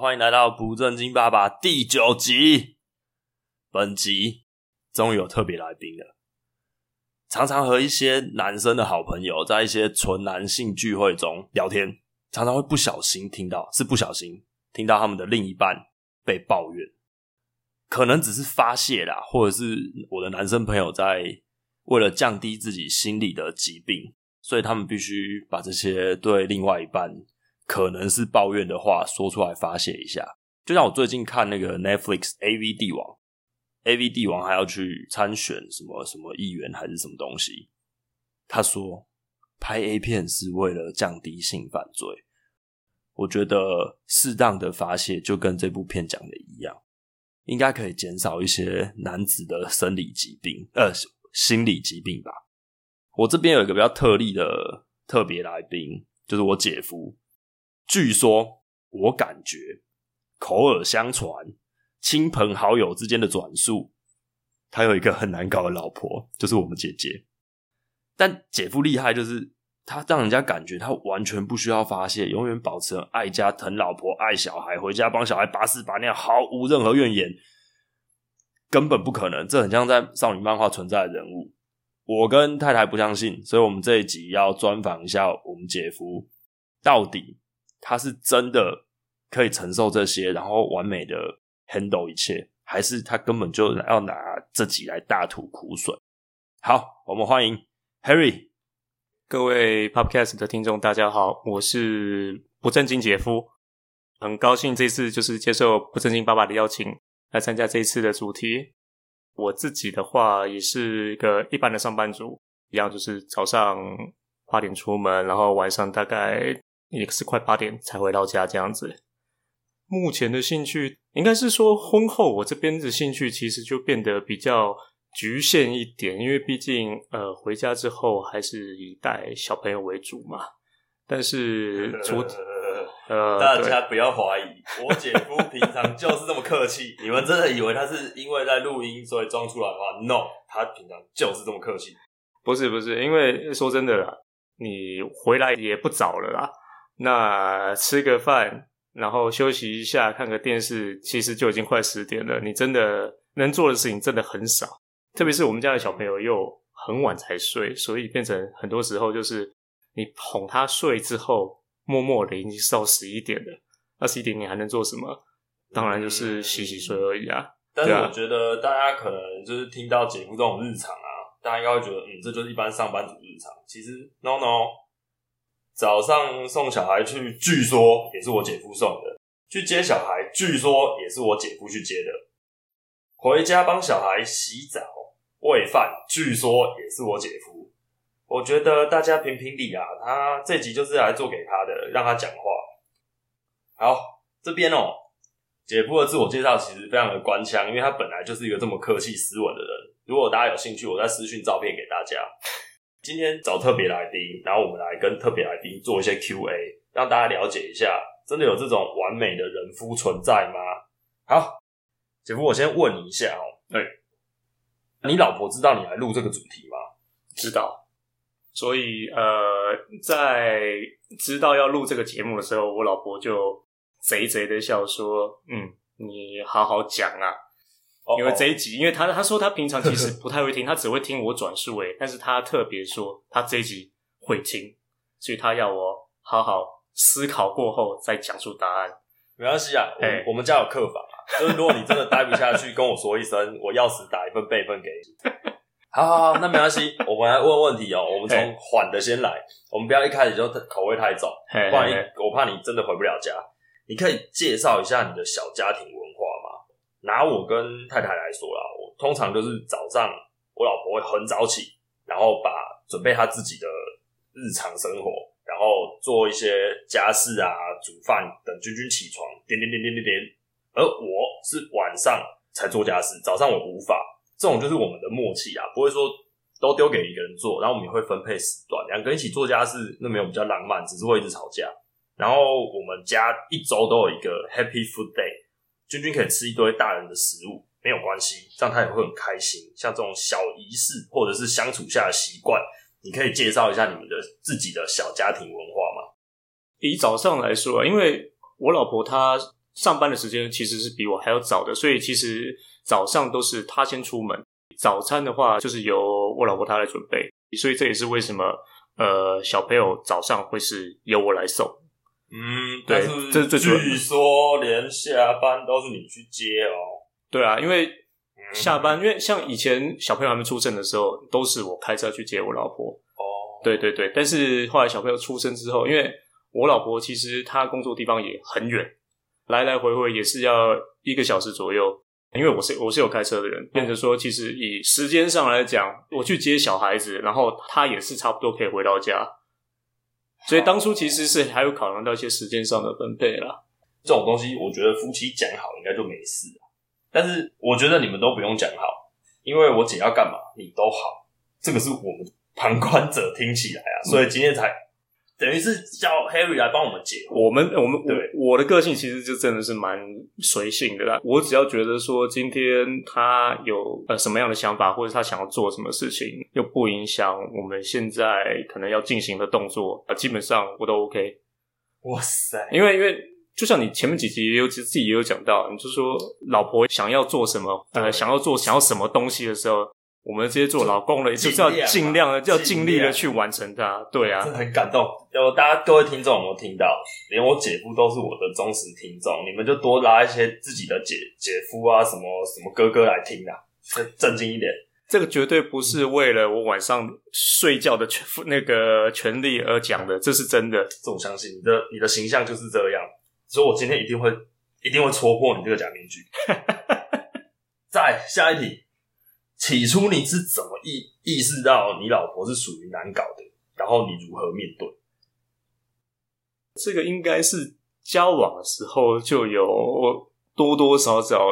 歡迎來到《不正經爸爸》第九集。本集終於有特別來賓了。常常和一些男生的好朋友在一些純男性聚會中聊天，常常會不小心聽到，是不小心聽到他們的另一半被抱怨。可能只是發洩啦，或者是我的男生朋友在為了降低自己心理的疾病，所以他們必須把這些對另外一半。可能是抱怨的話說出來發洩一下，就像我最近看那個 Netflix AV 帝王，AV 帝王還要去參選什麼什麼議員還是什麼東西。他說拍 A 片是為了降低性犯罪，我覺得適當的發洩就跟這部片講的一樣，應該可以減少一些男子的生理疾病，呃，心理疾病吧。我這邊有一個比較特例的特別來賓，就是我姐夫。據說，我感覺口耳相傳、親朋好友之間的轉述，他有一個很難搞的老婆，就是我們姐姐。但姐夫厲害，就是他讓人家感覺他完全不需要發洩，永遠保持愛家、疼老婆、愛小孩，回家幫小孩把屎把尿，毫無任何怨言。根本不可能，這很像在少女漫畫存在的人物。我跟太太不相信，所以我們這一集要專訪一下我們姐夫，到底。他是真的可以承受這些，然後完美的 handle 一切，還是他根本就要拿自己來大吐苦水？好，我們歡迎 Harry，各位 Podcast 的聽眾，大家好，我是不正經姐夫，很高興這次就是接受不正經爸爸的邀請來參加這一次的主題。我自己的話也是一個一般的上班族，一樣就是早上八點出門，然後晚上大概。也是快八點才回到家這樣子。目前的興趣應該是說，婚後我這邊的興趣其實就變得比較局限一點，因為畢竟呃，回家之後還是以帶小朋友為主嘛。但是、 呃，大家不要懷疑， 我姐夫平常就是這麼客氣。 你們真的以為他是因為在錄音所以裝出來的嗎？No，他平常就是這麼客氣。不是不是，因為說真的啦，你回來也不早了啦。那吃個飯，然後休息一下，看個電視，其實就已經快十點了。你真的能做的事情真的很少，特別是我們家的小朋友又很晚才睡，所以變成很多時候就是你哄他睡之後，默默的已經是到十一點了。那十一點你還能做什麼？當然就是洗洗睡而已啊,啊。但是我覺得大家可能就是聽到姐夫這種日常啊，大家應該會覺得，嗯，這就是一般上班族的日常。其實，no no。早上送小孩去，據說也是我姐夫送的；去接小孩，據說也是我姐夫去接的；回家幫小孩洗澡、餵飯，據說也是我姐夫。我覺得大家評評理啊，他這集就是來做給他的，讓他講話。好，這邊哦、喔，姐夫的自我介紹其實非常的官腔，因為他本來就是一個這麼客氣、斯文的人。如果大家有興趣，我再私訊照片給大家。今天找特別來賓，然後我們來跟特別來賓做一些 Q&A，讓大家了解一下，真的有這種完美的人夫存在嗎？好，姐夫，我先問你一下哦、喔嗯。你老婆知道你來錄這個主題嗎？知道。所以呃，在知道要錄這個節目的時候，我老婆就賊賊的笑說：“嗯，你好好講啊。”因為這一集，因為他他說他平常其實不太會聽，他只會聽我轉述誒、欸。但是他特別說他這一集會聽，所以他要我好好思考過後再講述答案。沒關係啊，我，我們家有客房，啊，所以如果你真的待不下去，跟我說一聲， 我要死打一份備份給你。好好好，好，那沒關係。我們來問問題哦、喔，我們從緩的先來，我們不要一開始就口味太重，嘿嘿嘿，不然我怕你真的回不了家。你可以介紹一下你的小家庭。拿我跟太太來說啦，我通常就是早上，我老婆會很早起，然後把準備她自己的日常生活，然後做一些家事啊，煮飯，等君君起床，點點點點點點。而我是晚上才做家事，早上我無法，這種就是我們的默契啊，不會說都丟給一個人做，然後我們也會分配時段，兩個人一起做家事，那沒有比較浪漫，只是會一直吵架。然後我們家一週都有一個 Happy Food Day。君君可以吃一堆大人的食物，沒有關係，這樣他也會很開心。像這種小儀式或者是相處下的習慣，你可以介紹一下你們的自己的小家庭文化嗎？以早上來說啊，因為我老婆她上班的時間其實是比我還要早的，所以其實早上都是她先出門。早餐的話，就是由我老婆她來準備，所以這也是為什麼呃小朋友早上會是由我來送。嗯，對，這這。據說連下班都是你去接哦？對啊，因為下班，因為像以前小朋友還沒出生的時候，都是我開車去接我老婆。哦，對對對，但是後來小朋友出生之後，因為我老婆其實她工作地方也很遠，來來回回也是要一個小時左右。因為我是我是有開車的人，變成說其實以時間上來講，我去接小孩子，然後他也是差不多可以回到家。所以當初其實是還有考量到一些時間上的分配啦，這種東西，我覺得夫妻講好應該就沒事。但是我覺得你們都不用講好，因為我姐要幹嘛，你都好。這個是我們旁觀者聽起來啊，所以今天才、嗯。等於是叫 Harry 來幫我們解。我們我們對我，我的個性其實就真的是蠻隨性的啦。我只要覺得說，今天他有呃什麼樣的想法，或者他想要做什麼事情，又不影響我們現在可能要進行的動作，啊、呃，基本上我都 OK。哇塞！因為因為就像你前面幾集也有其實自己也有講到，你就說老婆想要做什麼，呃，想要做想要什麼東西的時候。我們這些做老公的就，就是要盡量的，要盡力的去完成它。啊，對啊。真的很感動，有大家各位聽眾有沒有聽到？連我姐夫都是我的忠實聽眾，你們就多拉一些自己的姐姐夫啊，什麼什麼哥哥來聽啊，正經一點。這個絕對不是為了我晚上睡覺的權那個權利而講的，這是真的，這我相信你的你的形象就是這樣。所以我今天一定會一定會戳破你這個假面具。 再下一題。起初你是怎麼意意識到你老婆是屬於難搞的？然後你如何面對？這個應該是交往的時候就有多多少少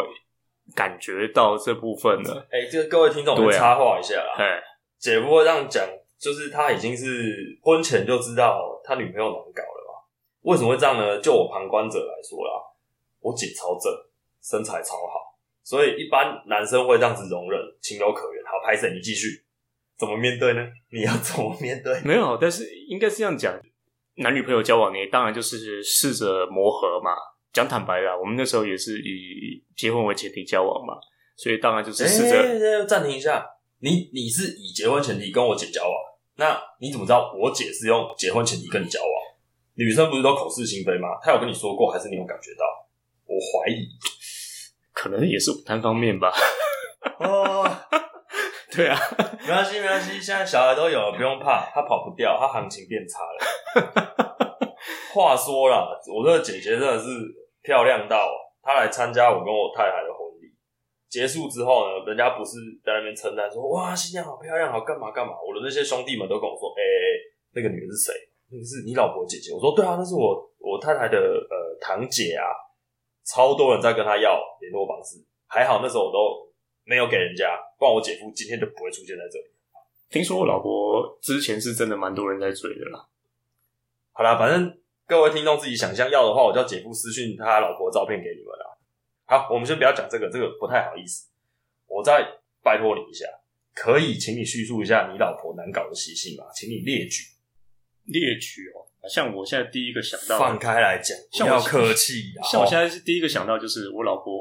感覺到這部分了。哎、嗯，欸，這個各位聽眾，啊、我插話一下啦。哎，姐夫會這樣講，就是他已經是婚前就知道他女朋友難搞了吧？為什麼會這樣呢？就我旁觀者來說啦，我姐超正，身材超好。所以一般男生會這樣子容忍，情有可原。好，Patson 你繼續，怎麼面對呢？你要怎麼面對？沒有，但是應該是這樣講，男女朋友交往，你當然就是試着磨合嘛。講坦白啦，我們那時候也是以結婚為前提交往嘛，所以當然就是試着暫停一下。你你是以結婚前提跟我姐交往，那你怎麼知道我姐是用結婚前提跟你交往？女生不是都口是心非嗎？她有跟你說過，還是你有感覺到？我懷疑。可能也是我單方面吧。哦，對啊， 對啊， 沒關係，沒關係，現在小孩都有，不用怕，他跑不掉，他行情變差了。話說啦，我這個姐姐真的是漂亮到，她來參加我跟我太太的婚禮結束之後呢，人家不是在那邊稱讚說哇，新娘好漂亮好，好幹嘛幹嘛。我的那些兄弟們都跟我說，哎，欸，那個女人是誰？那個是你老婆姐姐。我說對啊，那是我我太太的呃堂姐啊。超多人在跟他要聯絡方式，還好那時候我都沒有給人家，不然我姐夫今天就不會出現在這裡。聽說我老婆之前是真的蠻多人在追的啦。嗯、好啦，反正各位聽眾自己想象要的話，我叫姐夫私訊他老婆照片給你們啦。好，我們先不要講這個，這個不太好意思。我再拜託你一下，可以請你敘述一下你老婆難搞的習性嗎？請你列舉，列舉哦、喔。像我現在第一個想到，放開來講，不要客氣。像我現在是第一個想到，就是我老婆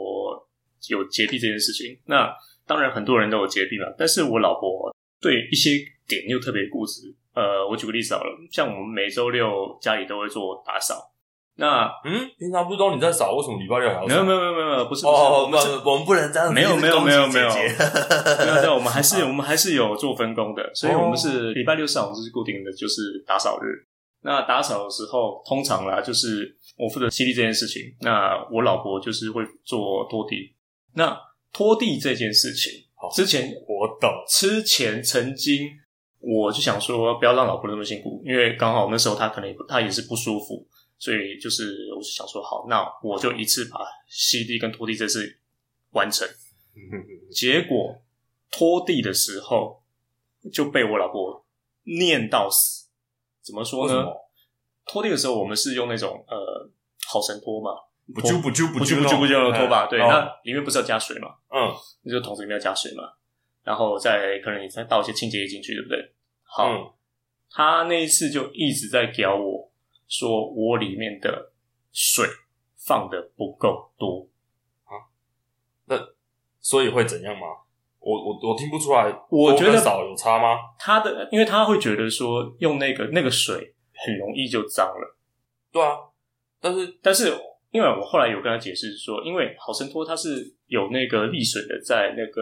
有潔癖這件事情。那當然很多人都有潔癖嘛，但是我老婆對一些點又特別固執。呃，我舉個例子好了，像我們每周六家裡都會做打掃。那嗯，平常不知道你在掃，為什麼禮拜六要掃？沒有沒有沒有沒有不是哦不是不是不是，我們不能這樣，沒有沒有沒有沒有。沒有，沒有沒有 沒有，對，我們還是，是我們還是有做分工的，所以我們是禮拜六上午就是固定的就是打掃日。那打掃的時候，通常啦，就是我負責吸地這件事情。那我老婆就是會做拖地。那拖地這件事情，好，之前我懂，之前曾經，我就想說，不要讓老婆那麼辛苦，因為剛好那時候她可能也她也是不舒服，所以就是我就想說，好，那我就一次把吸地跟拖地這次完成。 結果拖地的時候就被我老婆念到死。怎麼說呢？拖地的時候，我們是用那種、嗯、呃，好神拖嘛，拖不就不就不就不就不揪拖把、哎。對、哦，那裡面不是要加水嘛？嗯，那就桶子裡面要加水嘛，然後再可能你再倒一些清潔液進去，對不對？好、嗯，他那一次就一直在屌我、嗯、說，我裡面的水放的不夠多啊。那所以會怎樣嗎？我我我聽不出來，我覺得有差嗎？他的，因為他會覺得說用那個那個水很容易就髒了，對啊，但是但是因為我後來有跟他解釋說，因為好神拖它是有那個瀝水的，在那個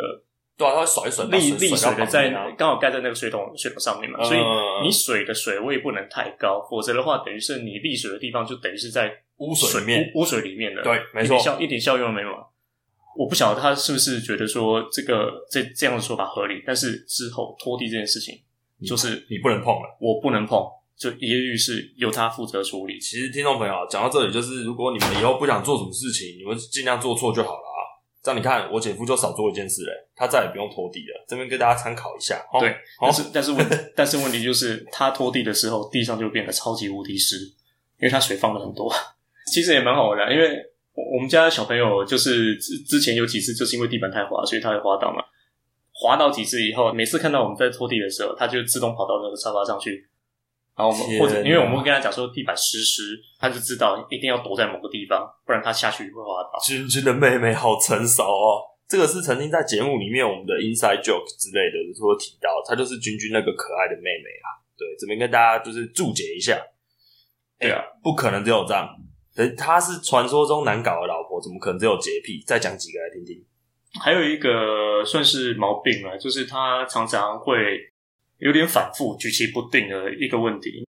對啊，它會甩一甩。瀝瀝水的在剛好蓋在那個水桶水桶上面嘛，嗯，所以你水的水位不能太高，嗯，否則的話等於是你瀝水的地方就等於是在汙水汙水裡面的，對，沒錯，一點效一點效用都沒有啊。我不曉得他是不是覺得說這個這這樣的說法合理，但是之後拖地這件事情就是你，你不能碰了，我不能碰，就一律是由他負責處理。其實聽眾朋友講到這裡，就是如果你們以後不想做什麼事情，你們儘量做錯就好了啊。這樣你看，我姐夫就少做一件事嘞，他再也不用拖地了。這邊跟大家參考一下、哦。對，但是、哦、但是問 但是問題就是他拖地的時候，地上就變得超級無敵濕，因為他水放了很多。其實也蠻好玩的，因為。我，我們家的小朋友就是之之前有幾次就是因為地板太滑，所以他會滑倒嘛。滑倒幾次以後，每次看到我們在拖地的時候，他就自動跑到那個沙發上去。然後我們或者因為我們會跟他講說地板濕濕，他就知道一定要躲在某個地方，不然他下去會滑倒。君君的妹妹好成熟哦，這個是曾經在節目裡面我們的 inside joke 之類的，說提到，她就是君君那個可愛的妹妹啊。對，怎麼跟大家就是注解一下。對啊，欸，不可能只有這樣。他他是傳說中難搞的老婆，怎麼可能只有潔癖？再講幾個來聽聽。還有一個算是毛病了，就是他常常會有點反覆、舉棋不定的一個問題。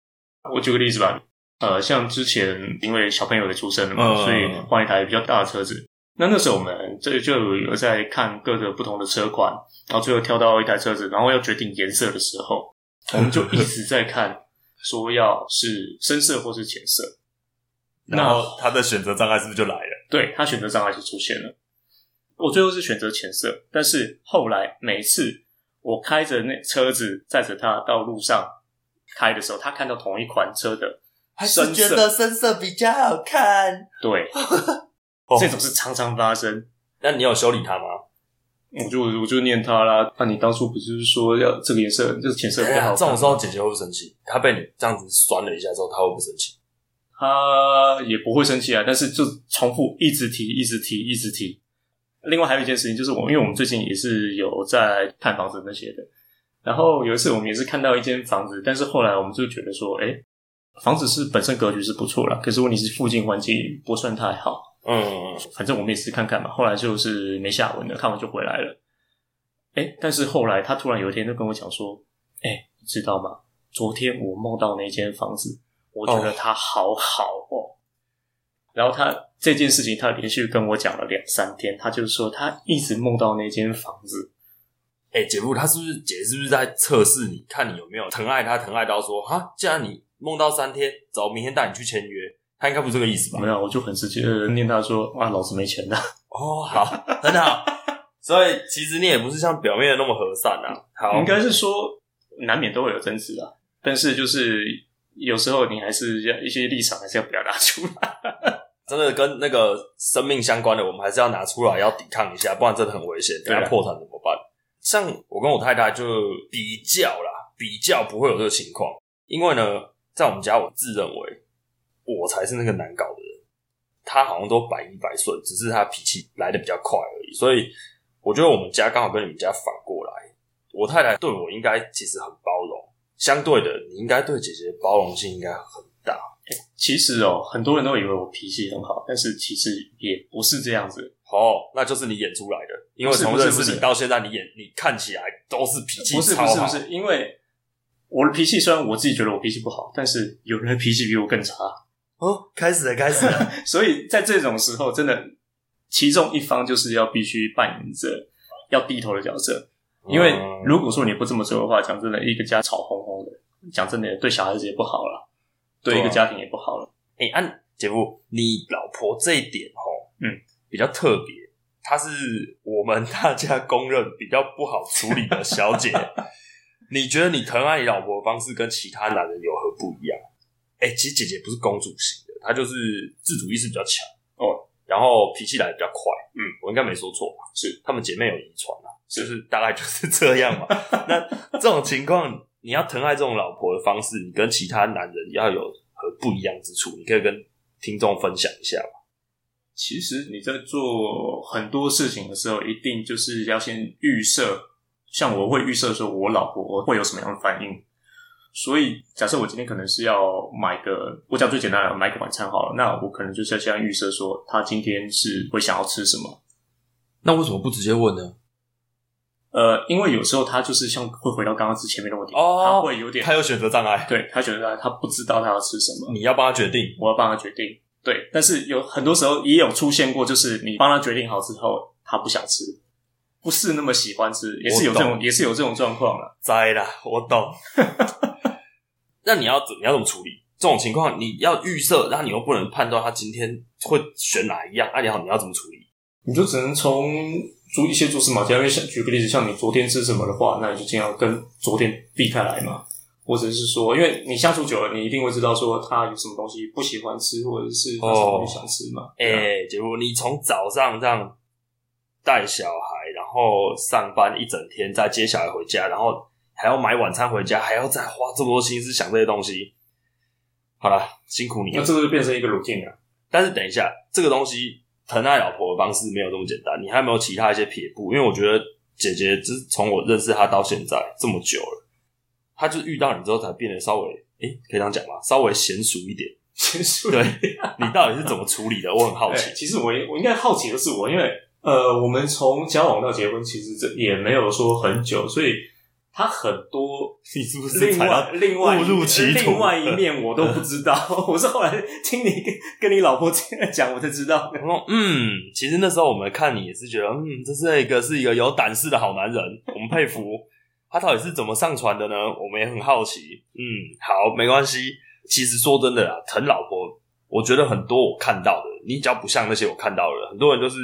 我舉個例子吧，呃，像之前因為小朋友也出生了嘛，嗯嗯嗯嗯嗯嗯所以換一台比較大的車子。那那時候我們這裡就有在看各個不同的車款，嗯嗯嗯嗯嗯然後最後挑到一台車子，然後要決定顏色的時候，我們就一直在看，說要是深色或是淺色。然後他的選擇障礙是不是就來了？對，他選擇障礙就出現了。我最後是選擇淺色，但是後來每一次我開着那車子載着他到路上開的時候，他看到同一款車的還是覺得深色比較好看。對，oh. 這種是常常發生。那你有修理他嗎？我就我就念他啦。那你當初不就是說要這個顏色就是淺色不太好？這種時候姐姐會不生氣？他被你這樣子酸了一下之後，他會不生氣？他也不會生氣啊，但是就重複，一直提，一直提，一直提。另外還有一件事情就是我們，我因為我們最近也是有在看房子那些的。然後有一次我們也是看到一間房子，但是後來我們就覺得說，欸，房子是本身格局是不錯啦，可是問題是附近環境不算太好。嗯，反正我們也是看看嘛，後來就是沒下文了，看完就回來了。欸，但是後來他突然有一天就跟我講說，欸，你知道嗎？昨天我夢到那間房子。我覺得他好好哦、喔，oh, 然後他這件事情，他連續跟我講了兩三天，他就說他一直夢到那間房子。哎、欸，姐夫，他是不是姐，姐是不是在測試你，看你有沒有疼愛他，疼愛到說哈？既然你夢到三天，走，明天帶你去簽約。他應該不是這個意思吧？沒有，我就很直接念他說哇，老子沒錢了、啊、哦，好， 很好。所以其實你也不是像表面的那麼和善啊。好，應該是說，難免都會有爭執啊，但是就是。有時候你還是一些立場，還是要表達出來。真的跟那個生命相關的，我們還是要拿出來，要抵抗一下，不然真的很危險。等下破產怎麼辦？像我跟我太太就比較啦，比較不會有這個情況。因為呢，在我們家，我自認為我才是那個難搞的人，他好像都百依百順，只是他脾氣來的比較快而已。所以我覺得我們家剛好跟你們家反過來，我太太對我應該其實很包容。相對的，你應該對姐姐包容性應該很大。欸、其實哦、喔，很多人都以為我脾氣很好，但是其實也不是這樣子。哦，那就是你演出來的，因為從認識你到現在，你演你看起來都是脾氣超好。不是，不是不是，因為我的脾氣雖然我自己覺得我脾氣不好，但是有人的脾氣比我更差。哦，開始了，開始了。 所以在這種時候，真的其中一方就是要必須扮演着要低頭的角色。因為如果說你不這麼說的話，講、嗯、真的，一個家吵哄哄的，講真的，對小孩子也不好了、嗯，對一個家庭也不好了。哎、欸，安、啊、姐夫，你老婆這一點吼，嗯，比較特別，她是我們大家公認比較不好處理的小姐。 你覺得你疼愛你老婆的方式跟其他男人有何不一樣？哎、欸，其實姐姐不是公主型的，她就是自主意識比較強哦、嗯，然後脾氣來得比較快。嗯，我應該沒說錯吧？是他們姐妹有遺傳。就是大概就是這樣嘛。那 這種情況，你要疼愛這種老婆的方式，你跟其他男人要有何不一樣之處，你可以跟聽眾分享一下嗎？其實你在做很多事情的時候，一定就是要先預設。像我會預設說，我老婆我會有什麼樣的反應。所以假設我今天可能是要買個，我講最簡單的，買個晚餐好了。那我可能就是要先預設說，她今天是會想要吃什麼。那為什麼不直接問呢？呃，因為有時候他就是像會回到剛剛之前面的問題，哦，他會有點，他有選擇障礙，對，他選擇障礙，他不知道他要吃什麼，你要幫他決定。我要幫他決定，對，但是有很多時候也有出現過，就是你幫他決定好之後，他不想吃，不是那麼喜歡吃，也是有這種，也是有這種狀況的，在啦，我懂。我懂我懂 那你要你要怎麼處理這種情況？你要預設，然後你又不能判斷他今天會選哪一樣，啊你好，你要怎麼處理？你就只能從。做一些蛛絲馬跡，因為像舉個例子，像你昨天吃什麼的話，那你就盡量跟昨天避開來嘛。或者是說，因為你相處久了，你一定會知道說他有什麼東西不喜歡吃，或者是有什麼東西想吃嘛。哎、oh, 啊，結、欸、果你從早上這樣帶小孩，然後上班一整天，再接小孩回家，然後還要買晚餐回家，還要再花這麼多心思想這些東西。好了，辛苦你。那這個就變成一個 routine 了。但是等一下，這個東西。疼愛老婆的方式沒有這麼簡單，你還有沒有其他一些撇步？因為我覺得姐姐就是從我認識她到現在這麼久了，她就遇到你之後才變得稍微，哎、欸，可以這樣講吧，稍微嫻熟一點。嫻熟，對。你到底是怎麼處理的？我很好奇。 欸、其實我我應該好奇的是我，因為呃，我們從交往到結婚其實這也沒有說很久，所以。他很多， 你是不是入入另外另外其實另外一面我都不知道， 我是後來聽你跟跟你老婆這樣講，我才知道。然後嗯，其實那時候我們看你也是覺得，嗯，這是一個是一個有膽識的好男人，我們佩服。 他到底是怎麼上傳的呢？我們也很好奇。嗯，好，沒關係。其實說真的啊，疼老婆，我覺得很多我看到的，你只要不像那些我看到的，很多人就是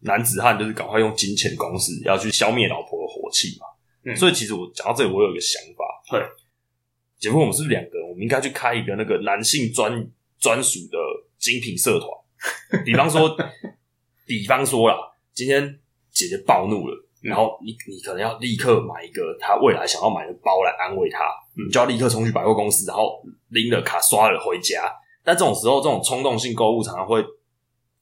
男子漢，就是趕快用金錢攻勢要去消滅老婆的火氣嘛。”嗯、所以其實我講到這裡，我有一個想法。對，姐夫，我們是不是兩個人，我們應該去開一個那個男性專專屬的精品社團。比方說， 比方說啦，今天姐姐暴怒了，然後你你可能要立刻買一個她未來想要買的包來安慰她，嗯。你就要立刻衝去百貨公司，然後拎了卡刷了回家。但這種時候，這種衝動性購物常常會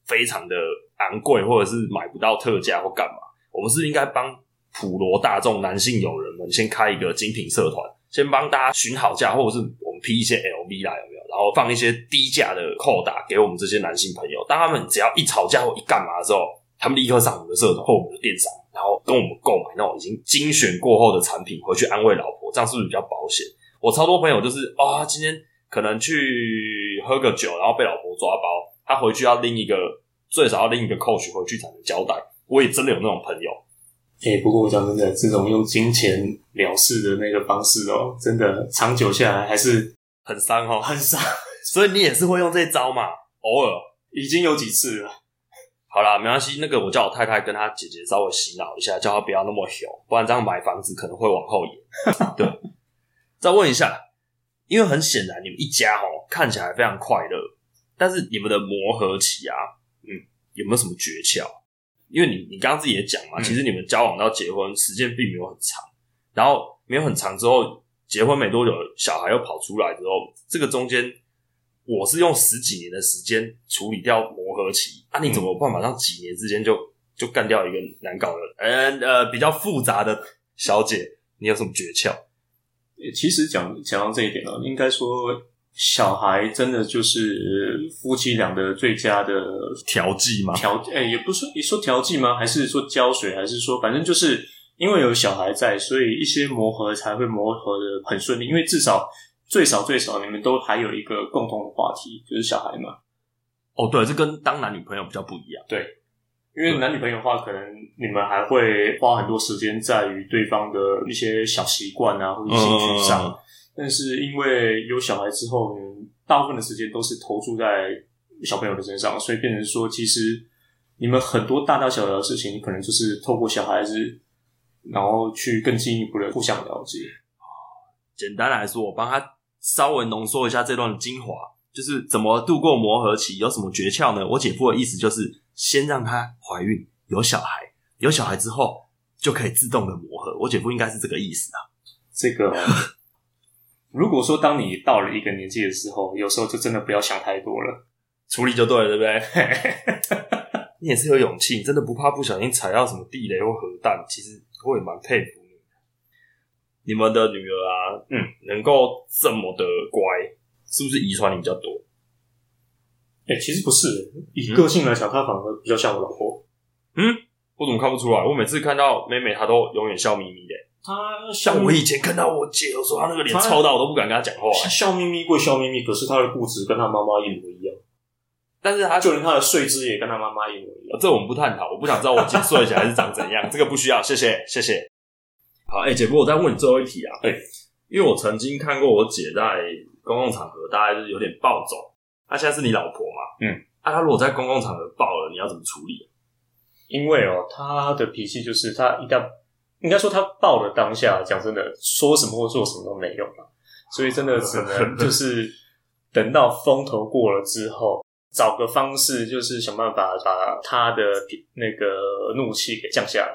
非常的昂貴，或者是買不到特價或幹嘛。我們是，是應該幫。普羅大眾男性友人們，先開一個精品社團，先幫大家尋好價，或者是我們批一些 LV 啦，有沒有？然後放一些低價的扣打給我們這些男性朋友。當他們只要一吵架或一幹嘛的時候，他們立刻上我們的社團或我們的電商，然後跟我們購買那種已經精選過後的產品，回去安慰老婆。這樣是不是比較保險？我超多朋友就是啊、哦，今天可能去喝個酒，然後被老婆抓包，他回去要拎一個最少要拎一個 coach 回去才能交代。我也真的有那種朋友。欸，不過我講真的，這種用金錢了事的那個方式喔，真的長久下來還是很傷哦，很傷。所以你也是會用這招嘛？偶爾已經有幾次了。好啦，沒關係。那個我叫我太太跟她姐姐稍微洗腦一下，叫她不要那麼兇，不然這樣買房子可能會往後延。 對。再問一下，因為很顯然你們一家喔，看起來非常快樂，但是你們的磨合期啊，嗯，有沒有什麼訣竅？因為你，你剛剛自己也講了，其實你們交往到結婚，嗯、時間並沒有很長，然後沒有很長之後，結婚沒多久，小孩又跑出來之後，這個中間，我是用十幾年的時間處理掉磨合期啊，你怎麼有辦法讓幾年之間就就幹掉一個難搞的人，嗯呃、uh, 比較複雜的小姐？你有什麼訣竅？其實講講到這一點啊，應該說。小孩真的就是夫妻倆的最佳的調劑嗎？調，誒、欸，也不是，你說調劑嗎？還是說澆水？還是說反正就是因為有小孩在，所以一些磨合才會磨合的很順利。因為至少最少最少，你們都還有一個共同的話題，就是小孩嘛。哦，對，這跟當男女朋友比較不一樣。對，因為男女朋友的話，嗯、可能你們還會花很多時間在於對方的一些小習慣啊，或者興趣上。嗯嗯嗯嗯但是因為有小孩之後，你們大部分的時間都是投注在小朋友的身上，所以變成說，其實你們很多大大小小的事情，可能就是透過小孩子，然後去更進一步的互相了解。簡單來說，我幫他稍微濃縮一下這段精華，就是怎麼度過磨合期，有什麼訣竅呢？我姐夫的意思就是，先讓她懷孕，有小孩，有小孩之後就可以自動的磨合。我姐夫應該是這個意思啊。這個。 如果說當你到了一個年紀的時候，有時候就真的不要想太多了，處理就對了，對不對？ 你也是有勇氣，你真的不怕不小心踩到什麼地雷或核彈？其實我也蠻佩服你。你們的女兒啊，嗯，能夠這麼的乖，是不是遺傳你比較多？哎、欸，其實不是，以個性來講，她反而比較像我老婆。嗯，我怎麼看不出來？我每次看到美美她都永遠笑眯眯的、欸。他像我以前看到我姐的時候，他那個臉超大，我都不敢跟他講話。笑眯眯歸笑眯眯，可是他的固執跟他媽媽一模一樣。但是他就連他的睡姿也跟他媽媽一模一樣，媽媽一樣、喔。這我們不探討，我不想知道我姐睡起來是長怎樣， 這個不需要。謝謝，謝謝。好，哎、欸，姐夫，我再問你最後一題啊。對、欸，因為我曾經看過我姐在公共場合，大概就是有點暴走。她現在是你老婆嘛？嗯。啊，她如果在公共場合暴了，你要怎麼處理？因為哦、喔，她的脾氣就是她一旦。應該說他爆了，當下，講真的，說什麼或做什麼都沒用了，所以真的只能就是等到風頭過了之後，找個方式，就是想辦法把他的那個怒氣給降下來。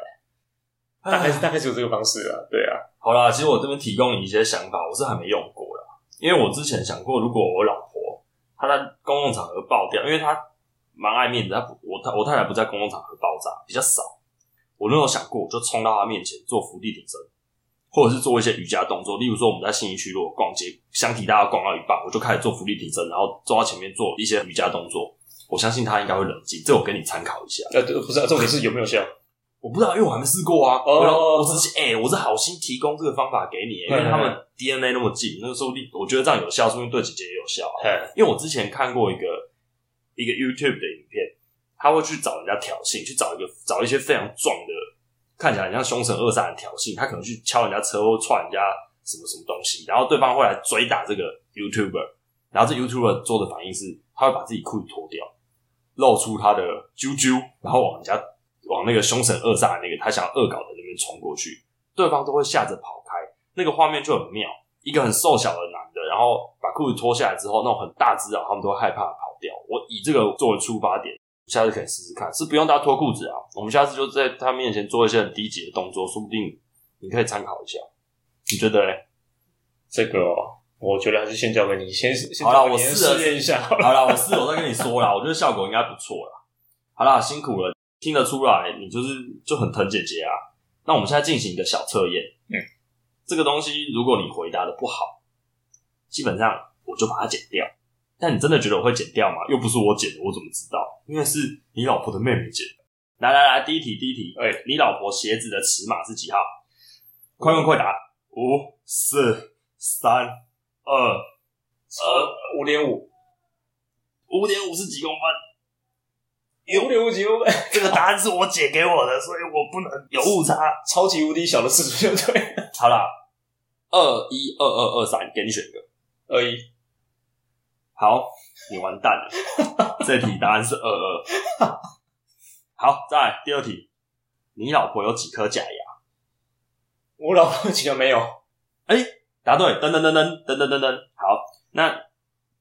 大概大概只有這個方式了，啊。對啊，好啦，其實我這邊提供你一些想法，我是還沒用過的，因為我之前想過，如果我老婆她在公共場合爆掉，因為她蠻愛面子，她不我我太，我太太不在公共場合爆炸，比較少。我都有想過，我就衝到他面前做伏地挺身，或者是做一些瑜伽動作。例如說，我們在信義區如果逛街，相體大家逛到一半，我就開始做伏地挺身，然後走到前面做一些瑜伽動作。我相信他應該會冷靜。這個、我給你參考一下。呃、啊，不是、啊，重點是有沒有效我？我不知道，因為我還沒試過啊。哦、oh, oh, oh, oh, oh.，我只是，哎，我是好心提供這個方法給你、欸，oh, oh, oh, oh. 因為他們 DNA 那麼近，oh, oh, oh. 那個時候我覺得這樣有效，說不定對姐姐也有效、啊。對、oh, oh,，oh, oh. 因為我之前看過一個一個 YouTube 的影片。他會去找人家挑釁，去找一個找一些非常壯的，看起來很像凶神惡煞的挑釁。他可能去敲人家車或踹人家什麼什麼東西，然後對方會來追打這個 YouTuber。然後這 YouTuber 做的反應是，他會把自己褲子脫掉，露出他的啾啾，然後往人家往那個凶神惡煞那個他想要惡搞的那邊衝過去。對方都會嚇着跑開，那個畫面就很妙。一個很瘦小的男的，然後把褲子脫下來之後，那種很大隻啊、喔，他們都害怕跑掉。我以這個作為出發點。下次可以試試看，是不用大家脫褲子啊。我們下次就在他面前做一些很低級的動作，說不定你可以參考一下。你覺得咧？這個我覺得還是先交給你，先，先試好了。我試了試一下。好了，我試，我再跟你說了， 我覺得效果應該不錯了。好啦，辛苦了，聽得出來你就是就很疼姐姐啊。那我們現在進行一個小測驗。嗯。這個東西如果你回答的不好，基本上我就把它剪掉。但你真的覺得我會剪掉嗎？又不是我剪的，我怎麼知道？因為是你老婆的妹妹姐。來來來，第一題第一題，哎，你老婆鞋子的尺碼是幾號？快問快答，五四三二呃五點五，五點五是幾公分？五點五幾公分？這個答案是我姐給我的， 所以我不能有誤差。超,超級無敵小的尺寸就對。 好了，二一、二二、二三，給你選一個二一。2, 好，你完蛋了。 這題答案是二二，好，再來第二題，你老婆有幾顆假牙？我老婆其實沒有、欸。哎，答對，等等等等等等等等。好，那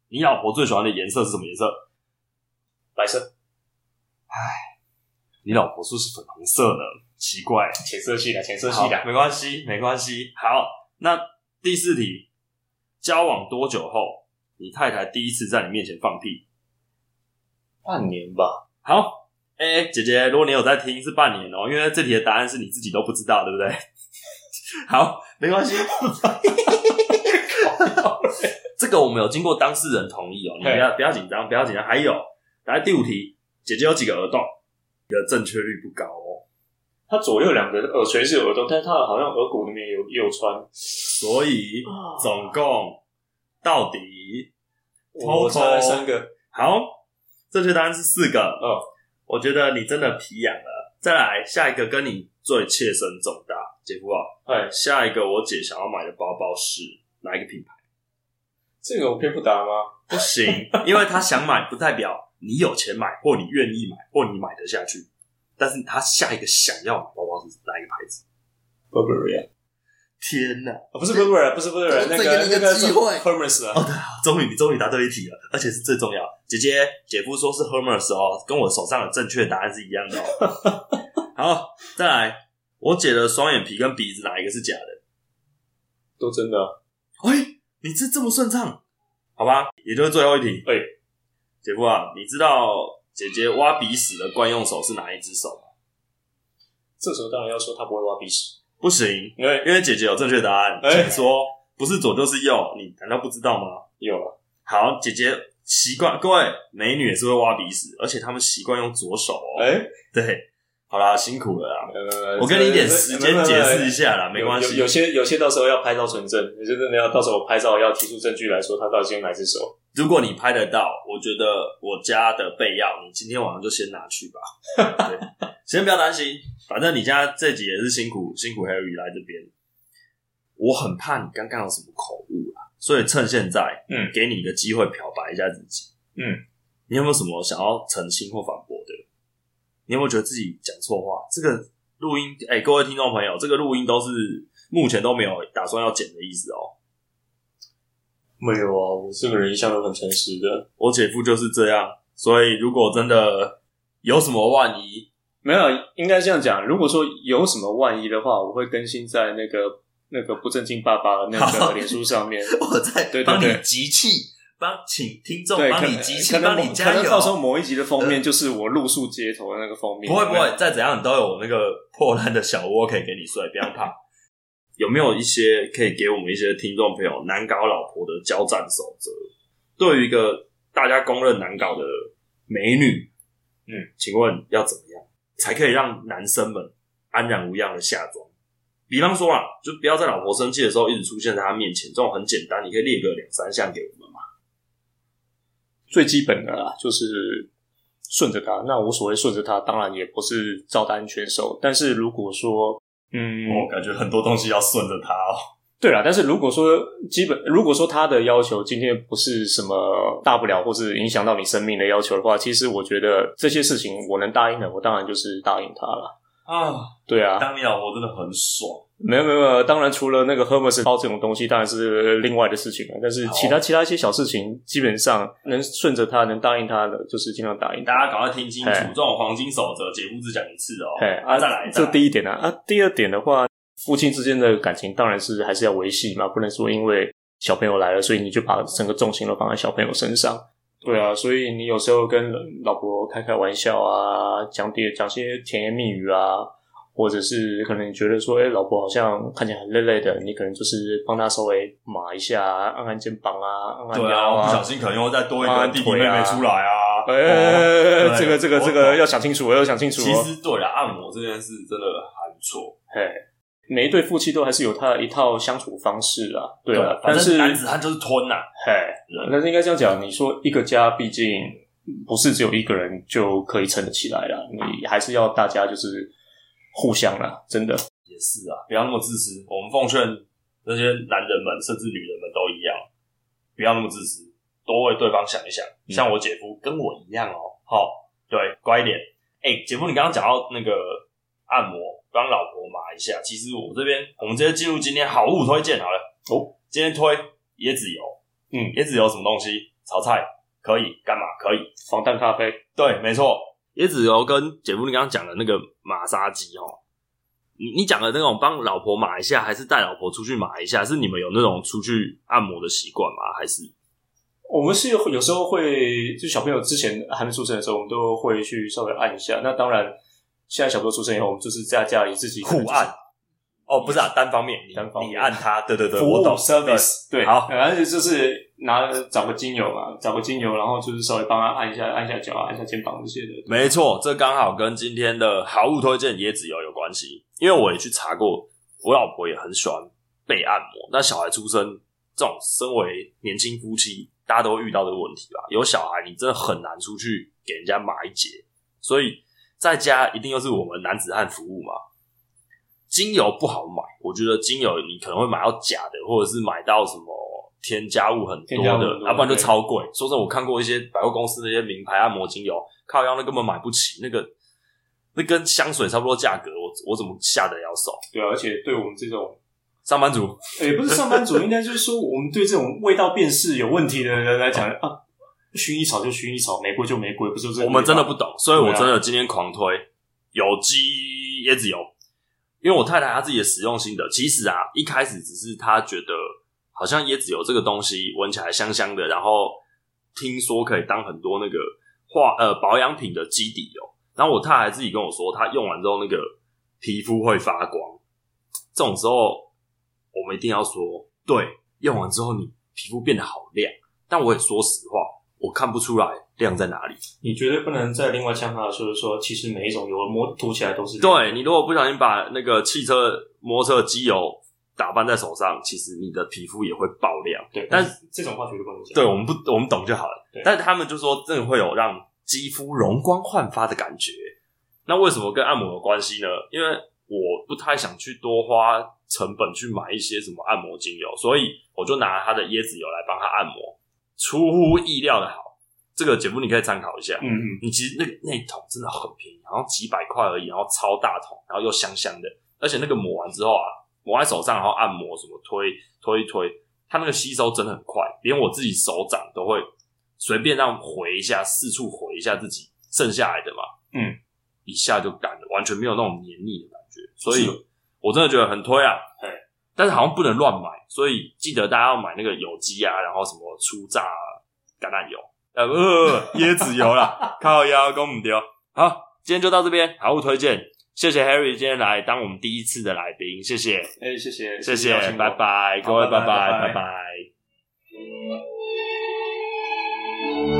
你老婆最喜歡的顏色是什麼顏色？白色。哎，你老婆說是，是粉紅色的，奇怪、欸，淺色系的，淺色系的，沒關係，沒關係。好，那第四題，交往多久後，你太太第一次在你面前放屁？半年吧，好，哎、欸欸，姐姐，如果你有在聽，是半年哦、喔，因為這題的答案是你自己都不知道，對不對？好，沒關係， 這個我們有經過當事人同意哦、喔，你不要不要緊張，不要緊張。還有，來第五題，姐姐有幾個耳洞？的正確率不高哦、喔，他左右兩個耳垂是有耳洞，但是他好像耳骨裡面有有穿，所以總共到底、啊、偷偷三個好。正確答案是四個。嗯，我覺得你真的皮癢了。再來，下一個跟你最切身重大，姐夫啊，哎、嗯，下一個我姐想要買的包包是哪一個品牌？這個我可以不答嗎？不行， 因為他想買不代表你有錢買或你願意買或你買得下去，但是他下一個想要買包包是哪一個牌子？Burberry。Barbaria. 天哪、喔不是不是人！不是不是人不是不是那個，個機那個機會，Hermes。啊、oh,，終於你終於答對一題了，而且是最重要。姐姐姐夫說是 Hermes 哦，跟我手上的正確答案是一樣的、哦。 好，再來，我姐的雙眼皮跟鼻子哪一個是假的？都真的。喂、欸，你這這麼順暢，好吧？也就是最後一題。哎、欸，姐夫啊，你知道姐姐挖鼻屎的慣用手是哪一隻手嗎？這時候當然要說他不會挖鼻屎。不行，因為姐姐有正確答案。哎，說不是左就是右，你難道不知道嗎？有啊。好，姐姐習慣。各位美女也是會挖鼻屎，而且她們習慣用左手哦。哎，對，好啦，辛苦了啦。我給你一點時間解釋一下啦，沒關係。有些有些到時候要拍照存證，有些真的要到時候拍照要提出證據來說，他到底是哪隻手。如果你拍得到，我覺得我家的備藥，你今天晚上就先拿去吧，對不對？ 先不要擔心，反正你家這幾年是辛苦辛苦 Harry 來這邊，我很怕你剛剛有什麼口誤啦，所以趁現在，嗯，給你一個機會漂白一下自己，嗯，你有沒有什麼想要澄清、或反駁的？你有沒有覺得自己講錯話？這個錄音，哎、欸，各位聽眾朋友，這個錄音都是目前都沒有打算要剪的意思哦。沒有啊，我這個人一向都很誠實的、嗯。我姐夫就是這樣，所以如果真的有什麼萬一，沒有，應該這樣講。如果說有什麼萬一的話，我會更新在那個那個不正經爸爸的那個臉書上面，我在幫你集氣，對對對，幫請聽眾對，幫你集氣，幫你加油。可能到時候某一集的封面就是我露宿街頭的那個封面。呃、不會不會，再怎樣都有那個破爛的小窩可以給你睡，不要怕。 有沒有一些可以給我們一些聽眾朋友難搞老婆的交戰守則？對於一個大家公認難搞的美女，嗯，請問要怎麼樣才可以讓男生們安然無恙的下妝？比方說啊，就不要在老婆生氣的時候一直出現在她面前，這種很簡單，你可以列個兩三項給我們嘛。最基本的啦，就是順着他，那我所謂順着他，當然也不是照單全收。但是如果說嗯，我感覺很多東西要順着他哦。對啦，啊，但是如果說基本如果說他的要求今天不是什麼大不了或是影響到你生命的要求的話，其實我覺得這些事情我能答應的，我當然就是答應他了啊。對啊，當你老婆真的很爽。沒有沒有，當然除了那個 Hermes 包這種東西，當然是另外的事情了。但是其他其他一些小事情，基本上能順着他，能答應他的，就是盡量答應他。大家趕快聽清楚，這種黃金守則節目只講一次哦。啊，再，再來。這第一點呢、啊，啊，第二點的話，夫妻之間的感情當然是還是要維繫嘛，不能說因為小朋友來了，所以你就把整個重心都放在小朋友身上。對啊，所以你有時候跟老婆開開玩笑啊，講點講些甜言蜜語啊。或者是可能你覺得說，誒、欸、老婆好像看起來很累累的，你可能就是幫他稍微抹一下、啊，按按肩膀啊，按按腰啊，對啊我不小心可能又再多一個、啊、弟弟妹妹出來啊。誒、欸哦、這個這個、這個、這個要想清楚，要想清楚、哦。其實對啊，按摩這件事真的還不錯。嘿，每一對夫妻都還是有他的一套相處方式啊。對啊，但是男子漢就是吞啊。嘿，是但是應該這樣講，你說一個家畢竟不是只有一個人就可以撐得起來了，你還是要大家就是。互相啦，真的也是啊，不要那麼自私。我們奉勸那些男人們，甚至女人們都一樣，不要那麼自私，多為對方想一想。嗯、像我姐夫跟我一樣、喔、哦，好，對，乖一點。哎、欸，姐夫，你剛剛講到那個按摩，幫老婆抹一下。其實我這邊，我們直接進入今天好物推薦好了。哦，今天推椰子油。嗯，椰子油什麼東西？炒菜可以，幹嘛可以？防彈咖啡。對，沒錯。也只有跟姐夫你剛剛講的那個馬殺雞哦，你你講的那種幫老婆馬一下，還是帶老婆出去馬一下？是你們有那種出去按摩的習慣嗎？還是我們是有時候會，就小朋友之前還沒出生的時候，我們都會去稍微按一下。那當然，現在小朋友出生以後，我們就是在家裡自己、就是、互按。哦，不是啊，單方面，你單方面你按他，對對對，服務我懂，service，對，好，然、嗯、而且就是。拿找個精油吧，找個精油，然後就是稍微幫他按一下，按一下腳啊，按一下肩膀這些的。沒錯，這剛好跟今天的好物推薦椰子油有關係。因為我也去查過，我老婆也很喜歡被按摩。但小孩出生這種，身為年輕夫妻，大家都會遇到這個問題吧？有小孩，你真的很難出去給人家買一節，所以在家一定又是我們男子漢服務嘛。精油不好買，我覺得精油你可能會買到假的，或者是買到什麼。添加，添加物很多的，要不然就超貴。說真的，我看過一些百貨公司的那些名牌按摩精油，靠腰那根本買不起，那個那跟香水差不多價格，我我怎麼下得了手？對、啊，而且對我們這種上班族，也、欸、不是上班族， 應該就是說，我們對這種味道辨識有問題的人來講， 啊，薰衣草就薰衣草，玫瑰就玫瑰，不是，不是我們真的不懂，所以我真的今天狂推、啊、有機椰子油，因為我太太她自己的使用心得，其實啊，一開始只是她覺得。好像椰子油這個東西聞起來香香的，然後聽說可以當很多那個化呃保養品的基底油，喔。然後我太太自己跟我說，她用完之後那個皮膚會發光。這種時候我們一定要說，對，用完之後你皮膚變得好亮。但我也說實話，我看不出來亮在哪裡。你絕對不能再另外講他，就是說，其實每一種油抹塗起來都是亮。對，你如果不小心把那個汽車摩托車機油，打扮在手上，其實你的皮膚也會爆亮。對，但，但是這種話絕對不能講。對，我們不，我們懂就好了。但是他們就說真的會有讓肌膚容光煥發的感覺。那為什麼跟按摩有關係呢？因為我不太想去多花成本去買一些什麼按摩精油，所以我就拿它的椰子油來幫他按摩。出乎意料的好，這個姐夫你可以參考一下。嗯嗯，你其實那個那一桶真的很便宜，然後幾百塊而已，然後超大桶，然後又香香的，而且那個抹完之後啊。抹在手上，然後按摩，什麼推推一推，它那個吸收真的很快，連我自己手掌都會隨便讓回一下，四處回一下自己剩下來的嘛，嗯，一下就乾了，完全沒有那種黏膩的感覺，所以我真的覺得很推啊，對，但是好像不能亂買，所以記得大家要買那個有機啊，然後什麼粗榨、啊、橄欖油、呃椰子油啦， 靠腰工唔丟，好，今天就到這邊，好物推薦。謝謝 Harry 今天來當我們第一次的來賓，謝謝，哎、欸，謝謝，謝謝，謝謝拜拜，各位，拜拜，拜拜。拜拜拜拜。